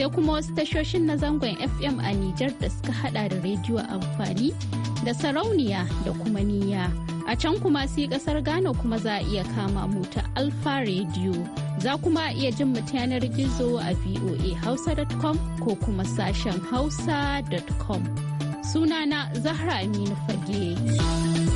sai kuma wasu tashoshin na zangon fm a Nijar da suka hada da rediyo amfani da sarauniya da kuma niyya a can kuma sai kasar ghana kuma za a iya kama mu ta alfa rediyo za kuma iya jin mu yanar gizo a voa ko kuma sashen hausa.com sunana zahra aminu fage.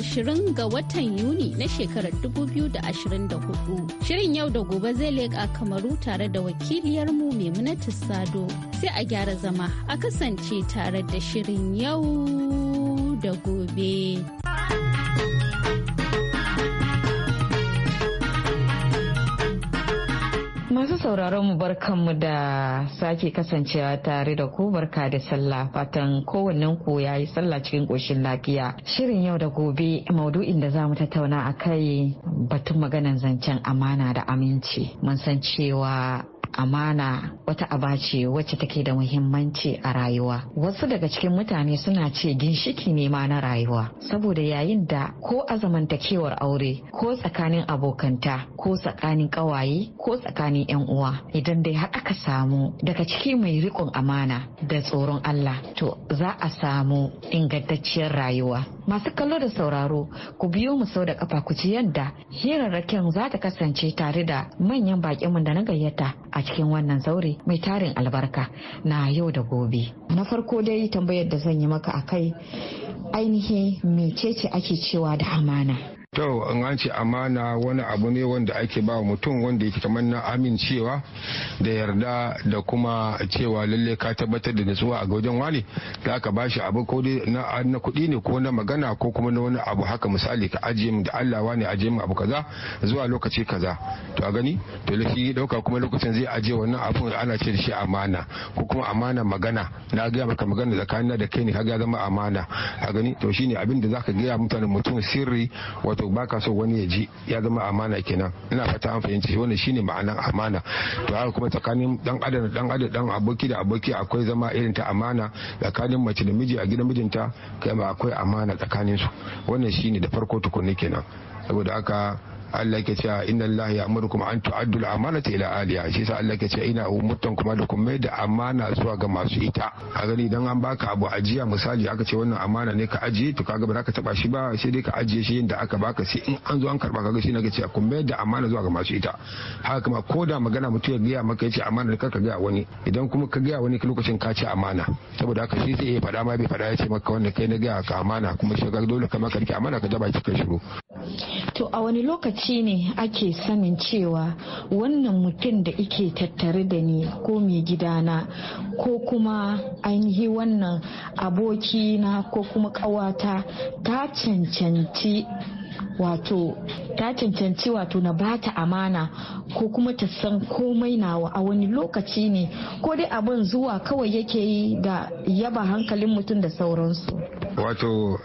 ashirin ga watan Yuni na shekarar 2024. Shirin yau da gobe zai leƙa kamaru tare da wakiliyarmu Maimunatu Sado. Sai a gyara zama a kasance tare da shirin yau da gobe. Masu sauraron mu barkanmu da sake kasancewa tare da ku barka da sallah fatan kowannen ku ya yi sallah cikin ƙoshin lafiya. Shirin yau da gobe maudu'in da za mu tattauna a kai batun maganan zancen amana da aminci. Mun san cewa amana wata aba ce wacce take da muhimmanci a rayuwa wasu daga cikin mutane suna ce ginshiki ne ma na rayuwa saboda yayin da ko a zamantakewar aure ko tsakanin abokanta ko tsakanin kawaye ko tsakanin yan uwa idan dai har aka samu daga ciki mai rikon amana da tsoron Allah to za a samu ingantacciyar rayuwa masu kallo da sauraro ku biyo mu sau da kafa ku ci yadda hirarraken za ta kasance tare da manyan bakinmu da na gayyata a a cikin wannan zaure mai tarin albarka na yau da gobe. Na farko dai tambayar da zan yi maka a akai ainihin mecece ake cewa da amana. To an an ce amana wani abu ne wanda ake ba mutum wanda yake kamar na amincewa da yarda da kuma cewa lalle ka tabbatar da nutsuwa a wajen wani da aka ba shi abu ko na kuɗi ne ko na magana ko kuma na wani abu haka misali ka ajiye mu da Allah wani ajiye mu abu kaza zuwa lokaci kaza to a gani to lafi dauka kuma lokacin zai ajiye wannan abun ana ce shi amana ko kuma amana magana na ga maka magana tsakanin da kai ne kaga zama amana a gani to shine abin da zaka ga mutane mutum sirri wato wato baka so wani ya ji ya zama amana kenan ina fata an fahimci wannan shine ma'anar amana to haka kuma tsakanin dan adam dan adam dan aboki da aboki akwai zama irin ta amana tsakanin mace da miji a gidan mijinta kai ma akwai amana tsakanin su wannan shine da farko tukunni kenan saboda haka Allah ke cewa inna Allah ya amuru kuma an tu'addu al amana ila aliya shi yasa Allah ke cewa ina umurtan kuma da kuma da amana zuwa ga masu ita a gani idan an baka abu ajiya misali aka ce wannan amana ne ka ajiye to kaga ba za ka taba shi ba sai dai ka ajiye shi yadda aka baka sai in an zo an karba kaga shi na ga cewa kuma da amana zuwa ga masu ita haka kuma ko da magana mutum ya gaya maka ya ce amana ka gaya wani idan kuma ka gaya wani lokacin ka ce amana saboda haka shi sai ya faɗa ma bai faɗa ya ce maka wannan kai na gaya ka amana kuma shi dole ka maka amana ka jaba ki ka shiru a wani lokaci ne ake sanin cewa wannan mutum da ike tattare da ni ko mai gidana ko kuma ainihi wannan abokina ko kuma ƙawata ta cancanci wato ta cancanci wato na bata amana ko kuma ta san komai nawa a wani lokaci ne ko dai abin zuwa kawai yake yi da yaba hankalin mutum da sauransu wato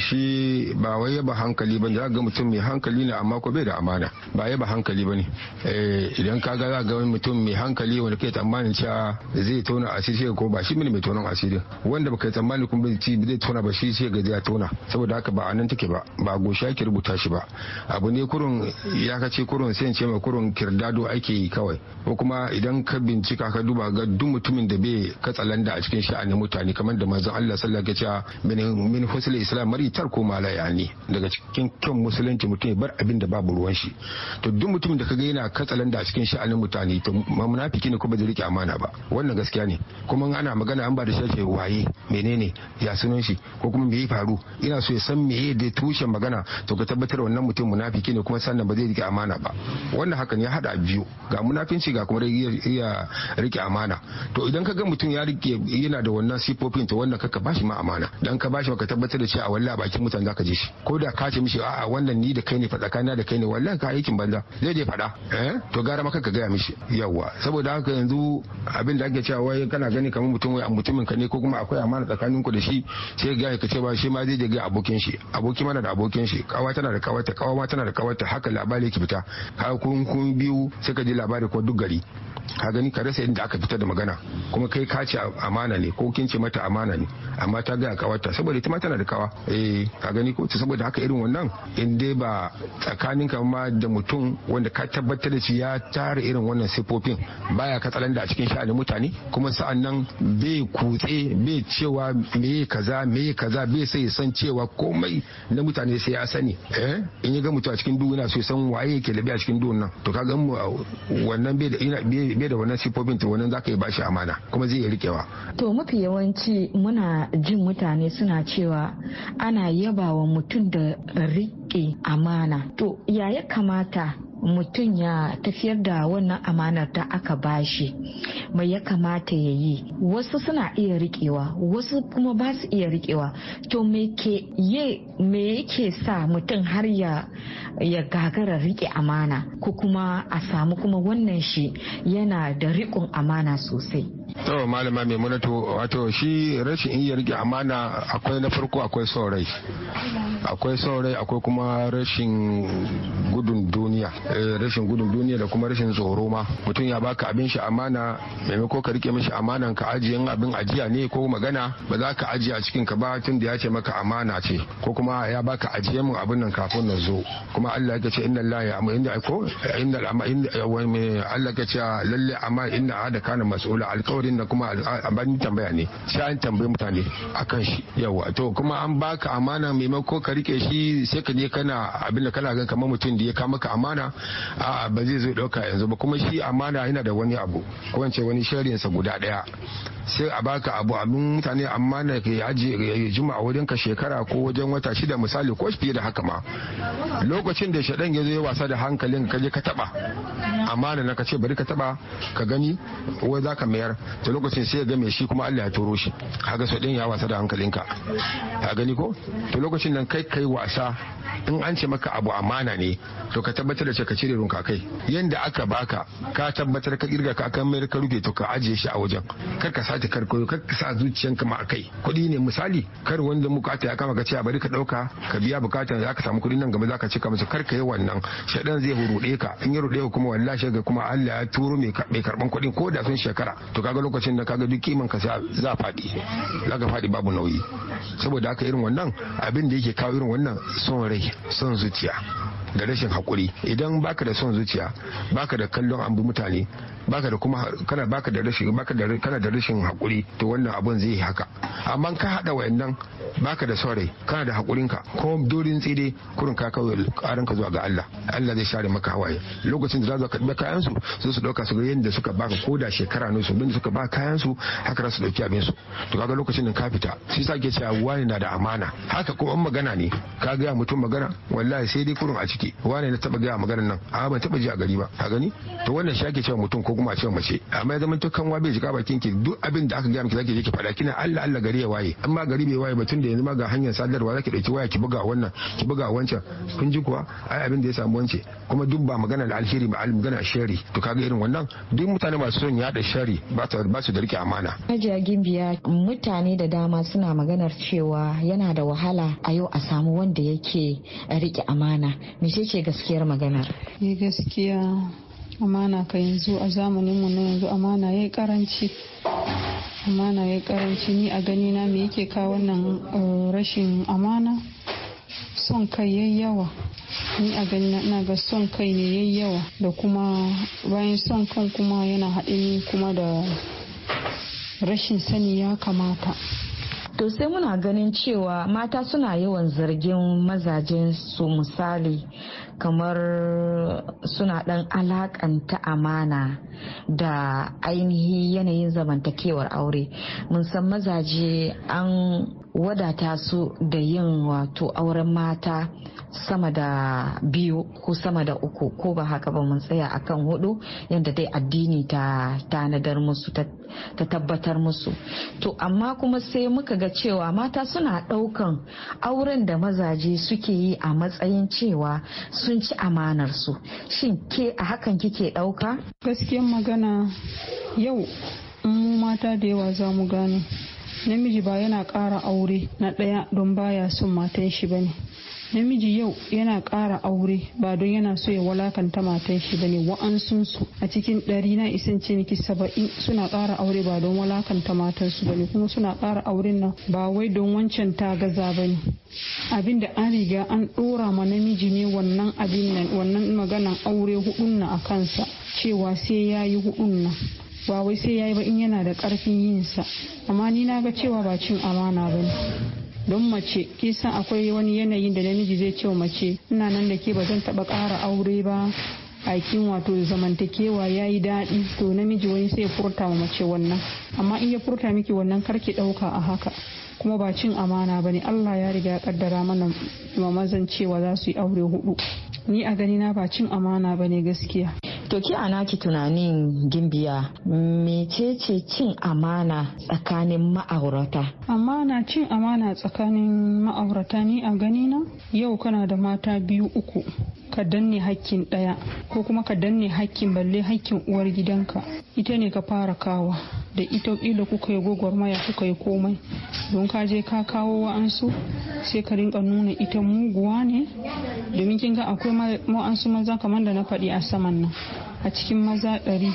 shi ba wai yaba hankali ba za ga mutum mai hankali ne amma ko bai da amana ba yaba hankali ba ne eh, idan ka ga za ga mutum mai hankali wanda kai tsammanin cewa zai tona asiri ko ba shi mini mai tonon asiri wanda baka tsammanin kuma bai ci zai tona ba shi sai ga zai tona saboda haka ba anan take ba ba goshi ki rubuta shi ba abu ne kurun ya kace kurun sai ce mai kurun kirdado ake yi kawai ko kuma idan ka bincika ka duba ga duk mutumin da bai katsalanda a cikin sha'anin mutane kamar da manzon Allah sallallahu alaihi wasallam ya ce mumin husul islam mari ko mala yani daga cikin kyan musulunci mutum bar abin da babu ruwan shi to duk mutumin da kaga yana katsalan da cikin sha'anin mutane to munafiki ne ko ba rike amana ba wannan gaskiya ne kuma ana magana an ba da shafe waye menene ya sunan shi ko kuma me ya faru ina so ya san meye da tushen magana to ka tabbatar wannan mutum munafiki ne kuma sannan ba zai rike amana ba wannan hakan ya hada biyu ga munafinci ga kuma iya rike amana to idan ka ga mutum ya rike yana da wannan sifofin to wannan kaka bashi ma amana dan ka bashi shi ka tabbatar da cewa wallahi bakin mutane zaka je shi ko da ka ce mishi a'a wannan ni da kai ne fa tsakanina da kai ne wallahi ka aikin banza zai je faɗa eh to gara maka ka gaya mishi yawa saboda haka yanzu abin da ake cewa wai kana gani kamar mutum wai mutumin ka ne ko kuma akwai amana tsakanin ku da shi sai ga ka ce ba shi ma zai je ga abokin shi aboki mana da abokin shi kawa tana da kawata kawa ma tana da kawata haka labari yake fita ka kun kun biyu sai ji labari ko duk gari ka gani ka rasa yadda aka fita da magana kuma kai ka ce amana ne ko kin ce mata amana ne amma ta ga kawarta saboda ita ma tana da kawa eh ka gani ko saboda haka irin wannan in dai ba tsakanin ka ma da mutum wanda ka tabbatar da shi ya tara irin wannan sifofin baya katsalan da a cikin sha'anin mutane kuma sa'an nan bai kutse bai cewa meye kaza meye kaza bai sai san cewa komai na mutane sai ya sani eh in ya ga mutum a cikin duhu sai san waye yake labe a cikin duniya to ka ga wannan bai da ina bai. bai da wannan sifofin to wannan zaka yi bashi amana kuma zai iya rikewa to mafi yawanci muna jin mutane suna cewa ana yabawa mutum da rike amana to ya ya kamata mutum ya tafiyar da wannan amanar da aka bashi mai ya kamata ya yi wasu suna iya rikewa wasu kuma ba su iya rikewa to me yake sa mutum har ya ya gagara rike amana ko kuma a samu kuma wannan shi yana da riƙon amana sosai To malama mai to wato shi rashin iya rike amana akwai na farko akwai saurai Akwai saurai akwai kuma rashin gudun duniya. Eh, rashin gudun duniya da kuma rashin tsoro ma. Mutum ya baka abin shi amana maimako ka rike mishi amanan ka ajiye abin ajiya ne ko magana ba za ka ajiye a cikin ka ba tun da ya ce maka amana ce ko kuma ya baka ajiye mun abin nan kafin na zo kuma Allah ya ce inna Allah ya amma inda ko inna Allah ya ce lalle amma inna hada kana mas'ula alƙawari alkawarin da kuma ban tambaya ne sai an tambayi mutane akan shi yawa to kuma an baka amana maimako ka rike shi sai ka je kana abin da kana gan kamar mutum da ya kama ka amana a ba zai zo dauka yanzu ba kuma shi amana yana da wani abu ko wani sharinsa guda daya sai a baka abu abin mutane amma na ke aji ya juma a wajen ka shekara ko wajen wata shida misali ko fiye da haka ma lokacin da shaɗan ya zo ya wasa da hankalin ka je ka taba amana na ka ce bari ka taba ka gani wai za ka mayar ta lokacin sai ya game shi kuma Allah ya turo shi haka shaɗan ya wasa da hankalinka ka gani ko to lokacin nan kai kai wasa in an ce maka abu amana ne to ka tabbatar da ka cire runka kai yanda aka baka ka tabbatar ka kirga ka kan mayar ka rufe to ka ajiye shi a wajen kar ka ta karkoyo ka sa zuciyanka ma akai kuɗi ne misali kar wanda muka ta ya kama ka ce a bari ka ɗauka ka biya bukatan za ka samu kuɗi nan gaba za ka cika masa kar ka yi wannan shaɗan zai ruɗe ka in ya ruɗe kuma wallahi shaga kuma Allah ya turo mai karban kuɗin ko da sun shekara to kaga lokacin da kaga duk kiman ka za faɗi za ka faɗi babu nauyi saboda haka irin wannan abin da yake kawo irin wannan son rai son zuciya da rashin hakuri idan baka da son zuciya baka da kallon an mutane baka da kuma kana baka da rashin baka da kana da rashin hakuri to wannan abun zai yi haka amma ka hada wayannan baka da sore kana da hakurin ka ko dorin tsire kurin ka kawai karin ka zuwa ga Allah Allah zai share maka hawaye lokacin da za ka karbi kayan su su su dauka su ga yanda suka baka koda shekara ne su bin suka ba kayan su haka su dauki abin su to kaga lokacin da ka fita shi sa ke cewa wani na da amana haka ko an magana ne ka ga mutum magana wallahi sai dai kurin a ciki wani na taba ga magana nan a ban taba ji a gari ba a gani to wannan shi ake cewa mutum ko kuma a ce mace amma ya zama to wa bai jika bakin ki duk abin da aka gaya miki zaki je ki faɗa kina Allah Allah gari ya waye amma gari bai waye ba tun da yanzu ma ga hanyar sadarwa zaki dauki waya ki buga wannan ki buga wancan kun ji kuwa ai abin da ya samu wance kuma duk ba magana da alheri ba magana shari to kaga irin wannan duk mutane masu son yada shari ba su da rike amana Hajiya Gimbiya mutane da dama suna maganar cewa yana da wahala a yau a samu wanda yake rike amana mece ce gaskiyar maganar eh, gaskiya amana ka yanzu a mu na yanzu amana ya yi karanci amana ya yi karanci ni a gani na me yake kawo wannan eh, rashin amana son kai yayi yawa ni a gani na ga son kai ne yayi yawa da kuma bayan son kan kuma yana haɗe kuma da rashin sani ya kamata to sai muna ganin cewa mata suna yawan zargin mazajen su misali kamar suna dan alakanta amana da ainihi yanayin zamantakewar aure mun san mazaje an wadata su da yin wato auren mata sama da biyu ko sama da uku ko ba haka ba mun tsaya akan hudu yadda dai addini ta tanadar musu ta tabbatar musu to amma kuma sai muka ga cewa mata suna daukan auren da mazaje suke yi a matsayin cewa sun ci amanar su shin ke a hakan kike dauka gaskiyar magana yau mu mata da yawa za mu gane namiji ba yana ƙara aure na ɗaya don baya son matan shi ne namiji yau yana ƙara aure ba don yana so ya walakanta matan shi ne wa'ansunsu a cikin ɗari na isan ciniki saba'in suna kara aure ba don walakanta matansu ne kuma suna ƙara auren nan ba wai don wancan ta gaza ba ne. abin da an riga an ɗora ma namiji ne wannan abin nan wannan maganan aure hudun na a kansa cewa sai ya yi hudun nan ba wai sai yayi ba in yana da karfin yin sa amma ni na ga cewa ba cin amana ba ne don mace kisan akwai wani yanayin da namiji zai ce mace ina nan da ke ba zan taba kara aure ba aikin wato zamantakewa ya yi daɗi to namiji wani sai furta wa mace wannan amma in ya furta miki wannan kar ki ɗauka a haka kuma ba cin amana ba ne allah ya riga kaddara mana mamazan cewa za su yi aure hudu ni a ganina ba cin amana ba ne gaskiya To ki ana ki tunanin gimbiya mecece cin amana tsakanin ma'aurata? Amana cin amana tsakanin ma'aurata ni a gani na yau kana da mata biyu uku ka danne hakkin ɗaya ko kuma ka danne hakkin balle hakkin uwar gidanka ita ne ka fara kawa da ita ila kuka yi gwagwarmaya kuka yi komai don ka je ka kawo wa'ansu sai ka rinka nuna ita muguwa ne domin kin ga akwai ma'ansu maza kamar da na faɗi a saman nan a cikin maza ɗari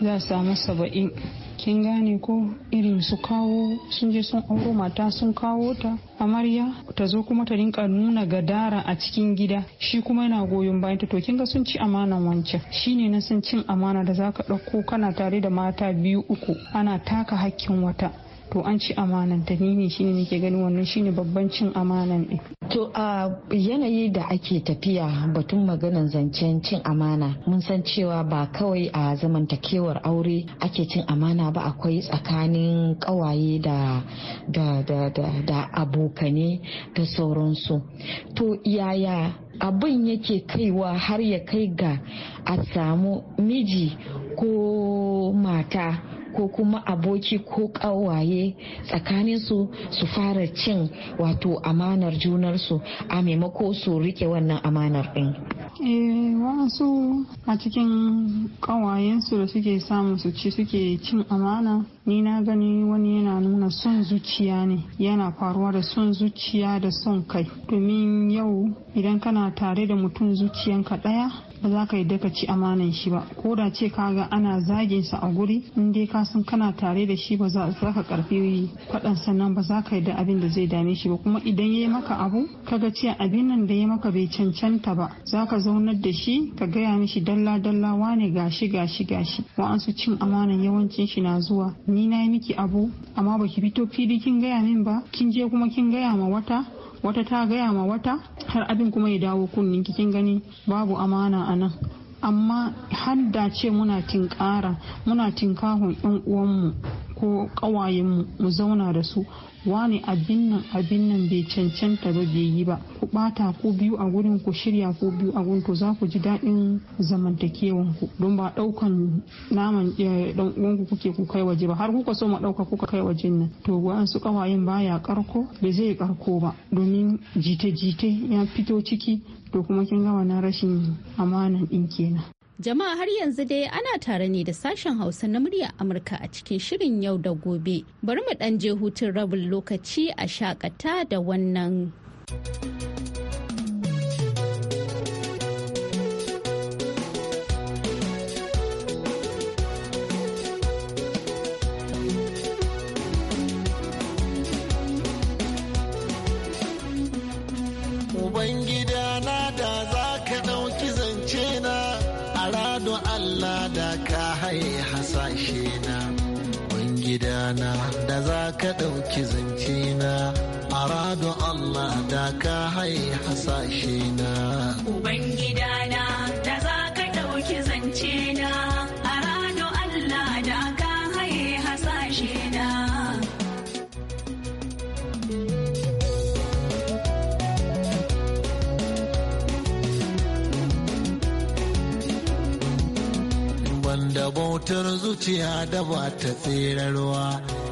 za a samu saba'in kin gane ko irin su kawo sun je sun auro mata sun kawo ta amarya ta zo kuma ta rinka nuna gadara a cikin gida shi kuma yana goyon bayan ta to kin ga sun ci amanan wancan shine na sun cin amana da zaka ɗauko kana tare da mata biyu uku ana taka hakkin wata to an ci amanan ta ne shine nake ganin wannan shine babban cin amanan din to a yanayi da ake tafiya batun maganan zancen cin amana mun san cewa ba kawai a zamantakewar aure ake cin amana ba akwai tsakanin kawaye da da da da abokane da sauransu to yaya abin yake kaiwa har ya kai ga a samu miji ko mata ko kuma aboki ko ƙawaye tsakaninsu su fara cin wato amanar junarsu a maimako su rike wannan amanar din. Eh, wasu a cikin ƙawayensu da suke samun su ci suke cin amana ni na gani wani yana nuna son zuciya ne yana faruwa da son zuciya da son kai domin yau idan kana tare da mutum zuciyanka ɗaya ba za ka yi daka ci amanan shi ba ko da ce ka ga ana zagin sa a guri in dai ka san kana tare da shi ba za ka karfi faɗan sannan ba za ka yi da abin da zai dame shi ba kuma idan ya yi maka abu ka ga ce abin nan da ya maka bai cancanta ba za ka zaunar da shi ka gaya mishi dalla dalla wane gashi gashi gashi wa'ansu cin amanan yawancin shi na zuwa ni na yi miki abu amma baki fito fili kin gaya min ba kin je kuma kin gaya ma wata wata ta gaya ma wata har abin kuma ya dawo kunnin kin gani babu amana a nan amma hadda ce muna tinkara muna tinkahon yan uwanmu ko ƙawayenmu mu zauna da su wani abin nan abin nan bai cancanta ba bai yi ba ku bata ko biyu a gurin ku shirya ko biyu a gurin to za ku ji daɗin zamantakewan ku don ba ɗaukan naman eh, ɗan uwanku kuke ku kai waje ba har kuka so mu ɗauka kuka kai wajen nan to wa'ansu ƙawayen baya karko bai zai karko ba domin jite-jite ya fito ciki to kuma kin gama na rashin amanan ɗin kenan. Jama'a har yanzu dai ana tare ne da sashen Hausa na murya Amurka a cikin shirin yau da gobe. Bari mu ɗan je hutun rabin lokaci a shakata da wannan. da za ka ɗauki zance na arado Allah da ka hai hasashe na ubangida na da za ka ɗauki zance na arado Allah da ka hai hasashe na banda bautar zuciya da ba ta tserarwa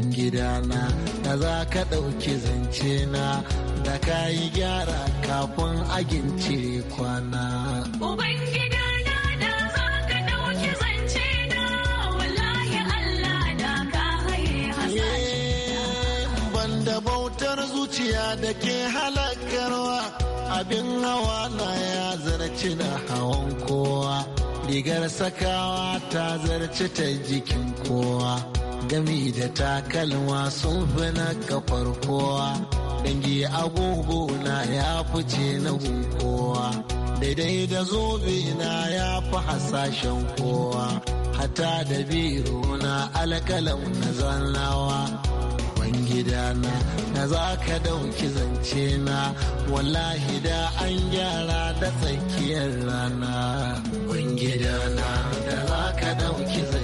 cikin gidana da za ka ɗauki zance na da ka yi gyara kafin agince kwana. na eh, bautar zuciya da ke halakarwa abin hawa na ya zarci na hawan kowa. Rigar sakawa ta zarci ta jikin kowa. gami da takalma sun fi na kafar kowa dangi agogo na ya fice na gunkowa daidai da zobe na ya fi hasashen kowa hata da biro na alkalam na zannawa gidana na za ka dauki zance na wallahi da an gyara da tsakiyar rana gidana da za ka dauki zance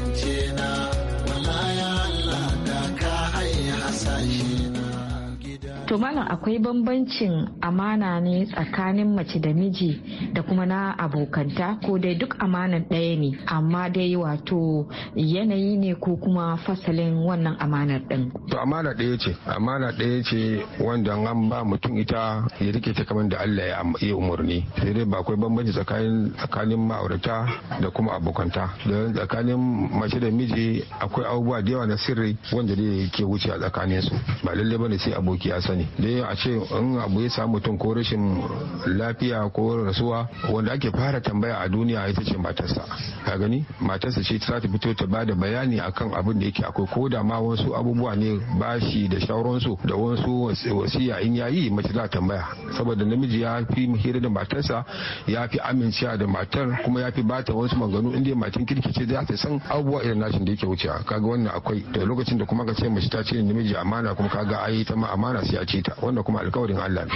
to malam akwai bambancin amana ne tsakanin mace da miji da kuma na abokanta ko dai duk amanan ɗaya ne amma dai wato yanayi ne ko kuma fasalin wannan amanar ɗin. to amana ɗaya ce amana ɗaya ce wanda an ba mutum ita ya rike ta kamar da Allah ya umarni sai dai ba akwai bambanci tsakanin tsakanin ma'aurata da kuma abokanta don tsakanin mace da miji akwai abubuwa da yawa na sirri wanda dai ke wuce a tsakaninsu ba lallai bane sai aboki ya ne dai a ce in abu ya samu mutum ko rashin lafiya ko rasuwa wanda ake fara tambaya a duniya ita ce matarsa ka gani matarsa ce ta ta fito ta bada bayani akan abin da yake akwai ko da ma wasu abubuwa ne bashi da shauransu da wasu wasiya in yayi mace za tambaya saboda namiji ya fi hira da matarsa ya fi amincewa da matar kuma ya fi bata wasu maganganu inda matan kirki ce za ta san abubuwa irin nashin da yake wuce kaga wannan akwai da lokacin da kuma ka ce mace ta ce namiji amana kuma kaga ayi ta ma amana sai ce ta wanda kuma alkawarin Allah ne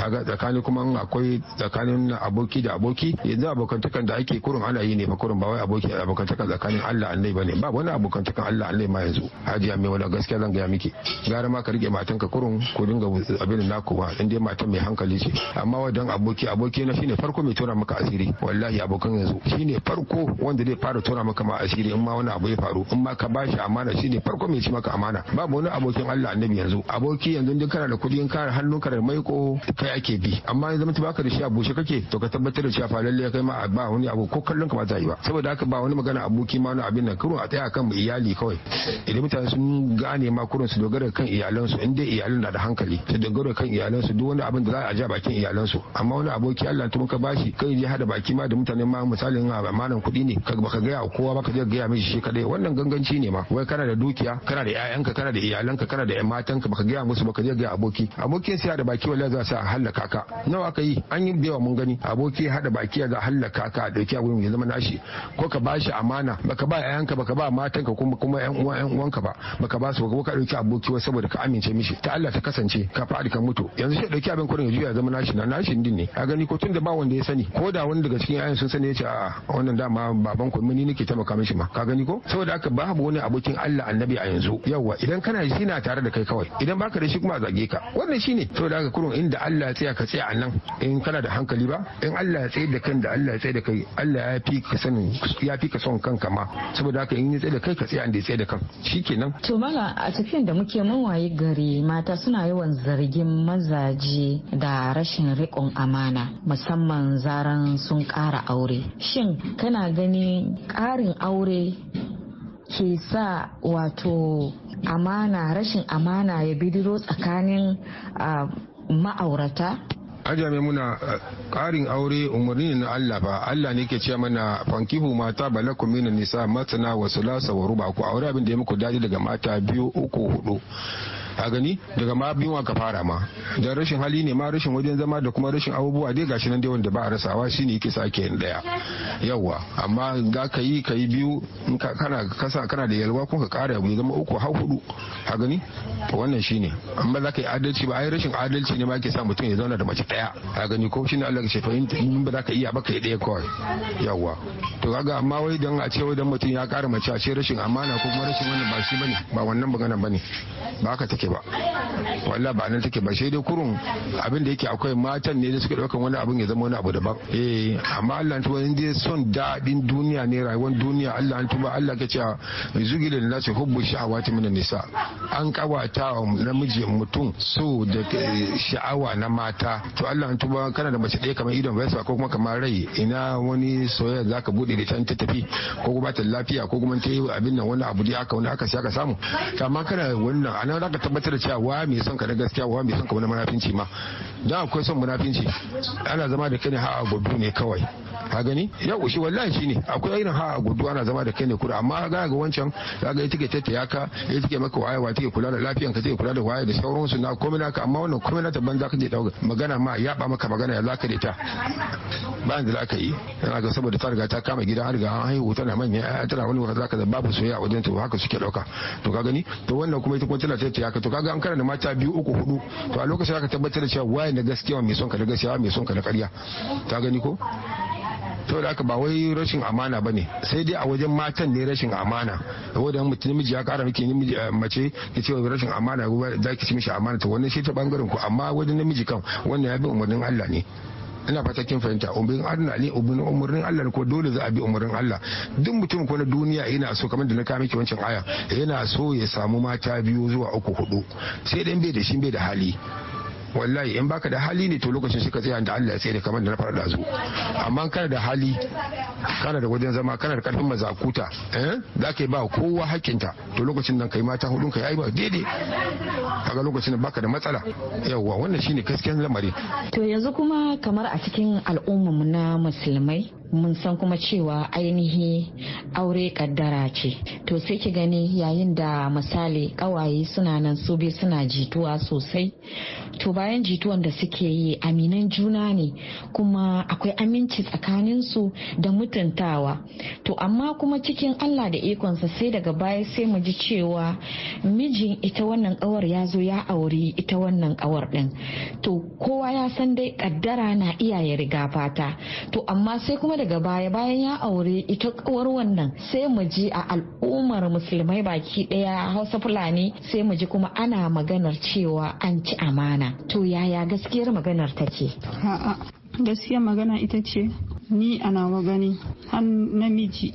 kaga tsakanin kuma akwai tsakanin aboki da aboki yanzu abokantakan da ake kurun ana yi ne fa kurun ba wai aboki abokantakan tsakanin Allah Allah bane ba wani abokantakan Allah Allah ma yanzu hajiya mai wala gaskiya zan ga miki gara ma ka rike matanka kurun ku dinga abin ku ba inda dai matan mai hankali ce amma wadan aboki aboki na shine farko mai tura maka asiri wallahi abokan yanzu shine farko wanda zai fara tura maka ma asiri in ma wani abu ya faru in ma ka bashi amana shine farko mai ci maka amana babu wani abokin Allah annabi yanzu aboki yanzu duk kana da kudin in hannu hannunka da maiko kai ake bi amma ya zama baka da shi a bushe kake to ka tabbatar da cewa fa lalle kai ma ba wani abu ko kallon ka ba ta yi ba saboda haka ba wani magana aboki ma wani abin nan kurun a tsaya kan iyali kawai idan mutane sun gane ma kurun su dogara kan iyalansu in dai iyalan na da hankali su dogara kan iyalansu duk wani abin da za a ja bakin iyalansu amma wani aboki Allah ta muka bashi kai je hada baki ma da mutane ma misalin a amanan kuɗi ne ka baka gaya kowa baka je gaya mishi shi kadai wannan ganganci ne ma wai kana da dukiya kana da ƴaƴanka kana da iyalanka kana da ƴan matanka baka musu baka je ga da aboki aboki sai da baki wallahi za su halaka ka nawa aka yi an yi bewa mun gani aboki ya hada baki ga halaka ka dauki a gurin ya zama nashi ko ka bashi amana baka ba yayanka baka ba matanka kuma kuma yan uwa yan uwanka ba baka ba su ka dauki aboki wa saboda ka amince mishi ta Allah ta kasance ka fadi ka mutu yanzu sai dauki abin kurin ya juya zama nashi na nashi din ne a gani ko tunda ba wanda ya sani ko da wani daga cikin yayan sun sani ya ce a wannan dama baban ku ni nake taimaka mishi ma ka gani ko saboda haka babu wani abokin Allah annabi a yanzu yawa idan kana shi na tare da kai kawai idan baka da shi kuma a zage ka wannan shine to da ka kurun inda Allah ya tsaya ka tsaya a nan in kana da hankali ba in Allah ya tsaye da kan da Allah ya tsaye da kai Allah ya fi ka sanin ya fi ka son kanka ma saboda haka in ya tsaye da kai ka tsaya inda ya tsaye da kan shikenan to mala a tafiyan da muke mun waye gari mata suna yawan zargin mazaje da rashin riƙon amana musamman zaran sun ƙara aure shin kana gani ƙarin aure ke sa wato amana rashin amana ya bidiro tsakanin ma'aurata ajame muna karin aure umarni na Allah ba Allah ne ke ce mana fankihu mata balaku minan nisa matana wa sulasa wa ruba ku aure abin da ya muku dadi daga mata biyu uku hudu a gani daga ma biyun aka fara ma da rashin hali ne ma rashin wajen zama da kuma rashin abubuwa dai gashi nan dai wanda ba a rasawa shine yake sake yin daya yawa amma ga ka yi ka yi biyu in kana kasa kana da yalwa ko ka kara ya zama uku har hudu a gani wannan shine amma za ka yi adalci ba ai rashin adalci ne ma ke sa mutum ya zauna da mace daya a gani ko shine Allah ya ce in ba za ka iya ba ka yi daya kawai yawa to kaga amma wai dan a ce wai dan mutum ya kara mace a ce rashin amana ko kuma rashin wannan ba shi bane ba wannan magana bane ba ka take ba wallahi ba nan take ba sai dai kurun abin da yake akwai matan ne da suke daukan wani abin ya zama wani abu daban eh amma Allah tuba in dai son dadin duniya ne rayuwar duniya Allah tuba Allah ka ce zugilin nasu hubbu shahawati minan nisa an kawata wa namiji mutum so da eh, sha'awa na mata to Allah tuba kana da mace ɗaya kamar idon bai ko kuma kamar rai ina wani soyayya zaka bude da ta tafi ko kuma ta lafiya ko kuma ta yi abin nan wani abu dai aka wani aka sai aka samu amma kana wannan anan zaka tabbatar da cewa wa mai son ka na gaskiya wa mai son ka na munafinci ma don akwai son munafinci ana zama da kai ne ha gobe ne kawai ka gani yau shi wallahi shine akwai irin ha a gudu ana zama da kai ne kura amma ga ga wancan ga ga yake tata yaka ya take maka waye wa take kula da lafiyan ka take kula da waye da su na komai naka amma wannan komai na taban zaka je dauka magana ma ya ba maka magana ya zaka da ta bayan da zaka yi yana ga saboda ta riga ta kama gida har ga haihu na manya tana wani wani zaka da babu soyayya a wajen ta haka suke dauka to ka gani to wannan kuma ita kuma tana tata ka to kaga an karanta mata biyu uku hudu to a lokacin zaka tabbatar da cewa waye na gaskiya mai son ka da gaskiya mai son ka da ƙarya ta gani ko saboda aka ba wai rashin amana ne sai dai a wajen matan ne rashin amana saboda mutum miji ya kara miki eh, mace ki ce rashin amana za ki ci mishi amana to wannan shi ta bangaren ku amma wajen namiji kan wannan ya bi umarnin Allah ne ina fata kin fahimta umarin Allah ne umarnin Allah ko dole za a bi umarnin Allah duk mutum ko na duniya yana so kamar da na kawo miki wancan aya yana so ya samu mata biyu zuwa uku hudu sai dan bai da shi bai da hali wallahi in baka da hali ne to lokacin shi ka tsaya da Allah ya tsaye kamar da na fara dazu amma kana da hali kana da wajen zama kana da karfin mazakuta eh za ka ba kowa hakinta to lokacin nan kai mata hudun ka yayi ba daidai kaga lokacin da baka da matsala yawwa wannan shine gaskiyar lamari to yanzu kuma kamar a cikin al'ummar na musulmai mun san kuma cewa ainihi aure kaddara ce to sai ki gani yayin da misali kawaye suna nan su bi suna jituwa sosai to bayan jituwan da suke yi aminan juna ne kuma akwai aminci tsakaninsu da mutuntawa to amma kuma cikin allah da ikonsa sai daga baya sai mu ji cewa mijin ita wannan kawar ya zo ya auri ita wannan kawar din to kowa ya san dai kaddara na iyaye ya riga fata to amma sai kuma daga baya bayan ya aure ita kawar wannan sai mu ji a al'ummar musulmai baki daya hausa fulani sai mu ji kuma ana maganar cewa an ci amana to yaya gaskiyar maganar ta a'a gaskiyar magana ita ce ni ana wa gani namiji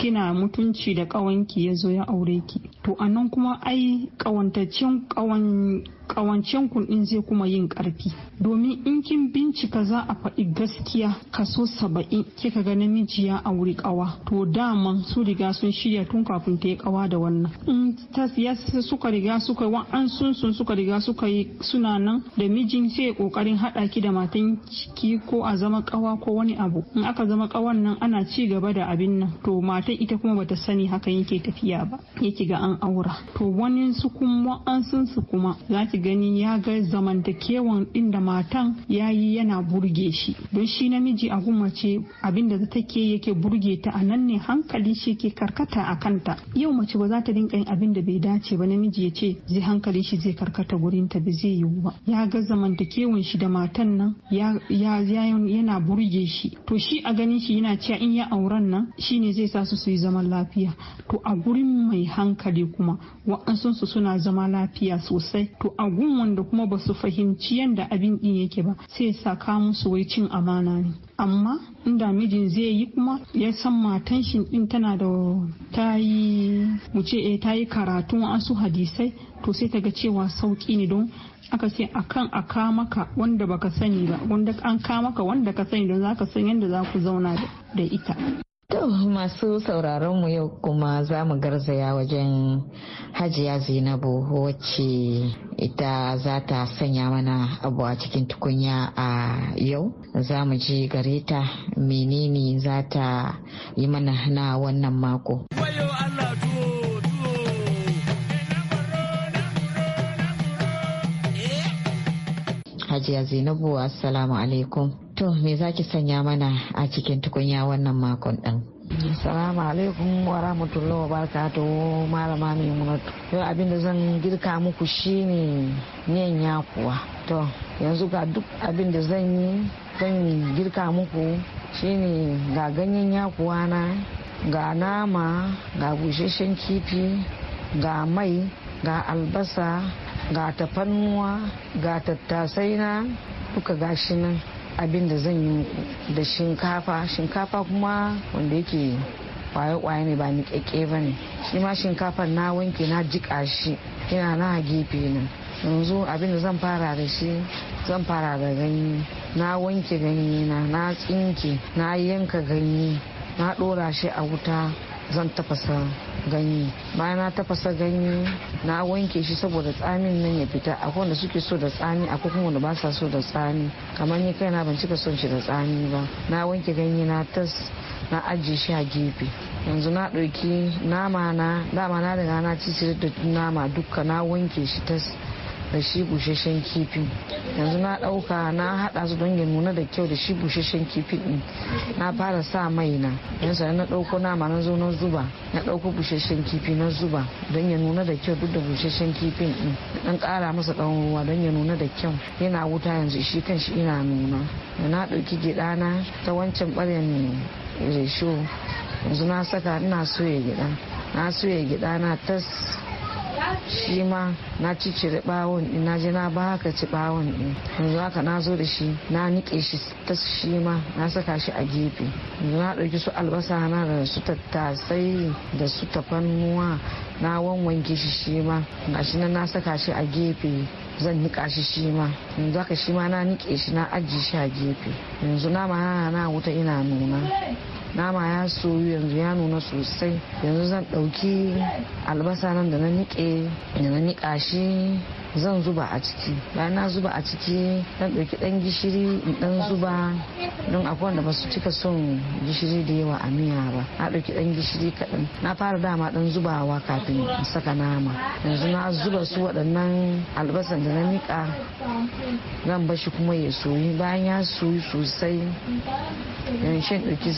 kina mutunci da kawanki ya zo ya aure ki to anan kuma ai kawantaccen kawan ƙawancen kuɗin zai kuma yin karfi domin in kin bincika za a faɗi gaskiya kaso saba'in kika ga namiji ya auri kawa to daman su riga sun shirya tun kafin ta yi ƙawa da wannan in ta siyasa suka riga suka wa'an sun sun suka riga suka yi suna nan da mijin sai kokarin haɗa ki da matan ki ko a zama kawa ko wani abu in aka zama kawan nan ana ci gaba da abin nan to matan ita kuma bata sani haka yake tafiya ba yake ga an aura to wani su kuma an sun su kuma ki gani ya ga zamantakewan din da matan ya yi yana burge shi don shi namiji a gumace abinda da take yake burge ta a nan ne hankali shi ke karkata a kanta yau mace ba za ta rinka yin abin da bai dace ba namiji ya ce zai hankali shi zai karkata gurin ta ba zai yiwu ba ya ga zamantakewan shi da matan nan ya yana burge shi to shi a ganin shi yana cewa in ya auren nan shine zai sa su su yi zaman lafiya to a gurin mai hankali kuma wa'ansu suna zama lafiya sosai to agun wanda kuma ba su fahimci yadda abin din yake ba sai sa saka musu wai cin amana ne amma inda mijin zai yi kuma ya san matan shi din tana da ta yi mu ce eh ta yi karatun asu hadisai to sai ta ga cewa sauki ne don aka ce akan a ka wanda baka sani ba wanda an ka wanda ka sani don zaka san yadda za ku zauna da ita To masu sauraron mu yau kuma za mu garzaya wajen hajiya Zainabu wacce ita za ta sanya mana abu a cikin tukunya a yau. Za mu ji gareta menene za ta yi mana na wannan mako. Hajiya Zainabu assalamu alaikum. To me ki sanya mana a cikin tukunya wannan makon ɗin? Assalamu alaikum wa rahmatullahi wa barakatuhu malama Maimunatu. To abin da zan girka muku shine miyan yakuwa. To yanzu ga duk abin da zan yi zan girka muku shine ga ganyen yakuwa na ga nama ga busasshen kifi ga mai ga albasa ga tafannuwa ga tattasai na duka gashi nan abin da zan yi da shinkafa shinkafa kuma wanda yake kwaye-kwaye ne ba niƙaƙƙe ba ne shi ma shinkafar na wanke na jiƙa shi yana na gefe nan yanzu abin da zan fara da shi zan fara da ganye na wanke ganye na na tsinke na yanka ganye na ɗora shi a wuta zan tafasa ganye bayan na tafasa ganye na wanke shi saboda tsamin nan ya fita akwai wanda suke so da tsami akwai kuma wanda ba sa so da tsami kamar ni kaina ban cika son shi da tsami ba na wanke ganye na tas na ajiye shi a gefe yanzu na ɗauki nama na dama na riga na ci da nama dukka na wanke shi tas da shi busasshen kifi yanzu na ɗauka na haɗa su don ya nuna da kyau da shi busasshen kifi ɗin na fara sa mai na yanzu na ɗauko nama na zo na zuba na ɗauko busasshen kifi na zuba don ya nuna da kyau duk da busasshen kifin ɗin dan ƙara masa ɗan ruwa don ya nuna da kyau yana wuta yanzu shi kan ina nuna na ɗauki gidana ta wancan ɓaryan resho yanzu na saka ina soya gida na soya gida na tas shi ma na cicire bawon din na je na baka ci bawon din yanzu haka na zo da shi na nike shi ta shi ma na saka shi a gefe yanzu na ɗauki su albasa na da su tattasai da su tafannuwa na wanwanke shi shi ma gashi shi na saka shi a gefe zan nika shi shi ma yanzu haka shi ma na nike shi na ajiye shi a gefe yanzu nama na wuta ina nuna nama ya soyu yanzu ya nuna sosai yanzu zan ɗauki albasa nan da na niƙe da na niƙa shi zan zuba a ciki bayan na zuba a ciki dan ɗauki ɗan gishiri dan zuba don akwai wanda ba su cika son gishiri da yawa a miya ba na ɗauki ɗan gishiri kaɗan na fara dama ɗan zubawa kafin in saka nama yanzu na zuba su waɗannan albasan da na mika zan bashi kuma ya soyu bayan ya soyu sosai yan shan ɗauki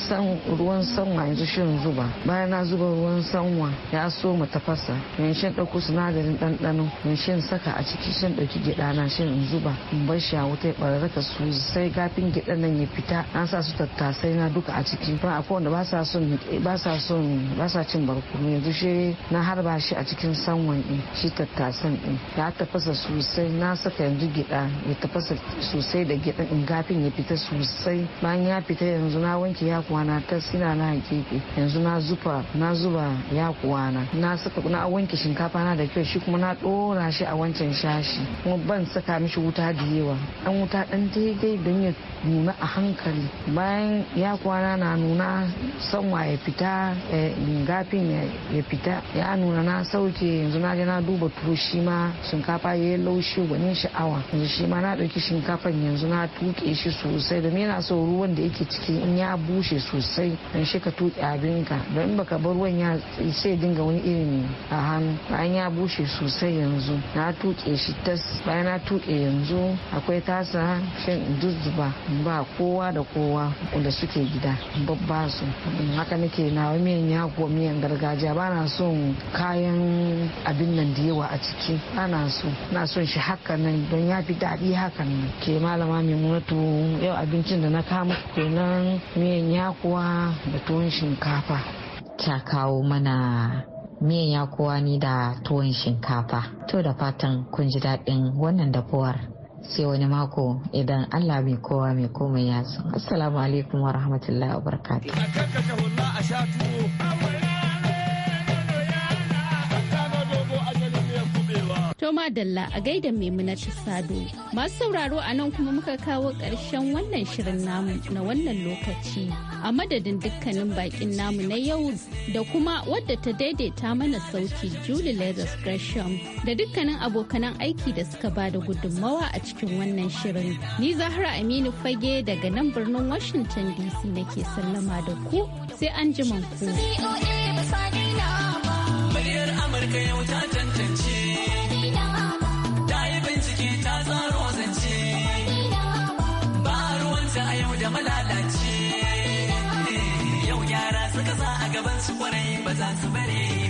ruwan sanwa yanzu shan zuba bayan na zuba ruwan sanwa ya so mu tafasa yan shan ɗauko sinadarin ɗanɗano yan shan saka a ciki shan ɗauki gyada na shan in zuba in bar shi a wuta ya ɓararraka su sai gafin gida nan ya fita na sa su tattasai na duka a ciki ba a kowanne ba sa son ba sa son ba sa cin barkono yanzu shi na harba shi a cikin sanwan din shi tattasan din ya tafasa sosai na saka yanzu gida ya tafasa sosai da gida in gafin ya fita sosai bayan ya fita yanzu na wanke yakuwa na ta sina na gefe yanzu na zufa na zuba yakuwa na na saka na wanke shinkafa na da kyau shi kuma na ɗora shi a wancan sha shi kuma ban saka mishi wuta da yawa dan wuta dan daidai don ya nuna a hankali bayan ya kwana na nuna sanwa ya fita eh, gafin ya fita ya nuna na sauke yanzu na je na duba tuwo shi ma shinkafa ya yi laushi gwanin sha'awa yanzu shi ma na ɗauki shinkafan yanzu na tuƙe shi sosai domin yana so ruwan da yake ciki in ya bushe sosai don shi ka tuke abinka don baka bar ruwan ya sai dinga wani irin a hannu bayan ya bushe sosai yanzu na tuke tuke shi tas bayan na tuƙe yanzu akwai tasa shan in ba kowa da kowa da suke gida babba su haka nake nawa miyan yakuwa miyan gargajiya ba na son kayan abin nan da yawa a ciki ba na so na son shi haka nan don ya fi daɗi hakan nan ke malama maimunatu yau abincin da na kama kenan miyan yakuwa da tuwon shinkafa ta kawo mana miyan ya kowa ni da tuwon shinkafa to da fatan kun ji daɗin wannan dafuwar sai wani mako idan allah mai kowa mai komai ya su assalamu alaikum wa rahmatullahi wa Toma Dalla a gaida ta Sado. Masu sauraro a nan kuma muka kawo ƙarshen wannan shirin namu na wannan lokaci. a madadin dukkanin bakin namu na yau da kuma wadda ta daidaita mana sauti Julie Leathers Gresham da dukkanin abokanan aiki da suka ba da gudunmawa a cikin wannan shirin. Ni Zahra Aminu Fage daga nan birnin Washington DC nake sallama da ku sai an ku. Muryar Amurka yau ta kwarai ba za su bari